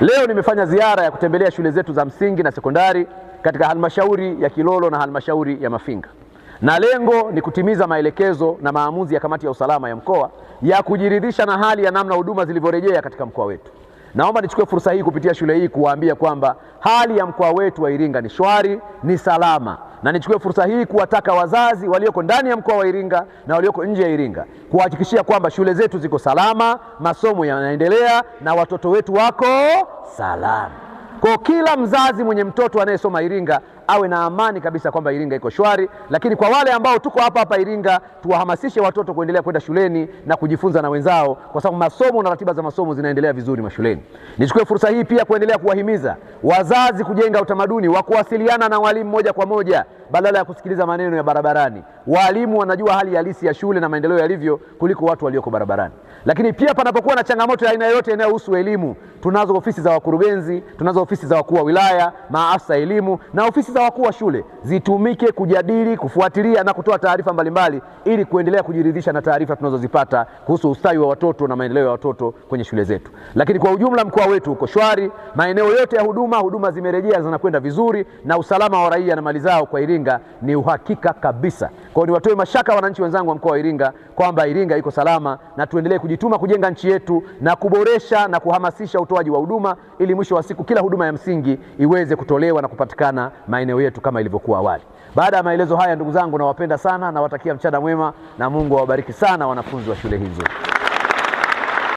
Leo nimefanya ziara ya kutembelea shule zetu za msingi na sekondari katika halmashauri ya Kilolo na halmashauri ya Mafinga, na lengo ni kutimiza maelekezo na maamuzi ya kamati ya usalama ya mkoa ya kujiridhisha na hali ya namna huduma zilivyorejea katika mkoa wetu. Naomba nichukue fursa hii kupitia shule hii kuwaambia kwamba hali ya mkoa wetu wa Iringa ni shwari, ni salama, na nichukue fursa hii kuwataka wazazi walioko ndani ya mkoa wa Iringa na walioko nje ya Iringa kuhakikishia kwamba shule zetu ziko salama, masomo yanaendelea na watoto wetu wako salama. Kwa kila mzazi mwenye mtoto anayesoma Iringa awe na amani kabisa kwamba Iringa iko shwari. Lakini kwa wale ambao tuko hapa hapa Iringa, tuwahamasishe watoto kuendelea kwenda shuleni na kujifunza na wenzao, kwa sababu masomo na ratiba za masomo zinaendelea vizuri mashuleni. Nichukue fursa hii pia kuendelea kuwahimiza wazazi kujenga utamaduni wa kuwasiliana na walimu moja kwa moja badala ya kusikiliza maneno ya barabarani. Walimu wanajua hali halisi ya shule na maendeleo yalivyo kuliko watu walioko barabarani. Lakini pia panapokuwa na changamoto ya aina yoyote inayohusu elimu, tunazo ofisi za wakurugenzi, tunazo ofisi za wakuu wa wilaya, maafisa elimu na ofisi za hata wakuu wa shule zitumike kujadili, kufuatilia na kutoa taarifa mbalimbali ili kuendelea kujiridhisha na taarifa tunazozipata kuhusu ustawi wa watoto na maendeleo ya watoto kwenye shule zetu. Lakini kwa ujumla mkoa wetu uko shwari, maeneo yote ya huduma, huduma zimerejea zinakwenda vizuri, na usalama wa raia na mali zao kwa Iringa ni uhakika kabisa. Kwa hiyo niwatoe mashaka wananchi wenzangu wa mkoa wa Iringa kwamba Iringa iko salama, na tuendelee kujituma kujenga nchi yetu na kuboresha na kuhamasisha utoaji wa huduma ili mwisho wa siku kila huduma ya msingi iweze kutolewa na kupatikana maeneo maeneo yetu kama ilivyokuwa awali. Baada ya maelezo haya, ndugu zangu, nawapenda sana, nawatakia mchana mwema na Mungu awabariki sana wanafunzi wa shule hii nzuri.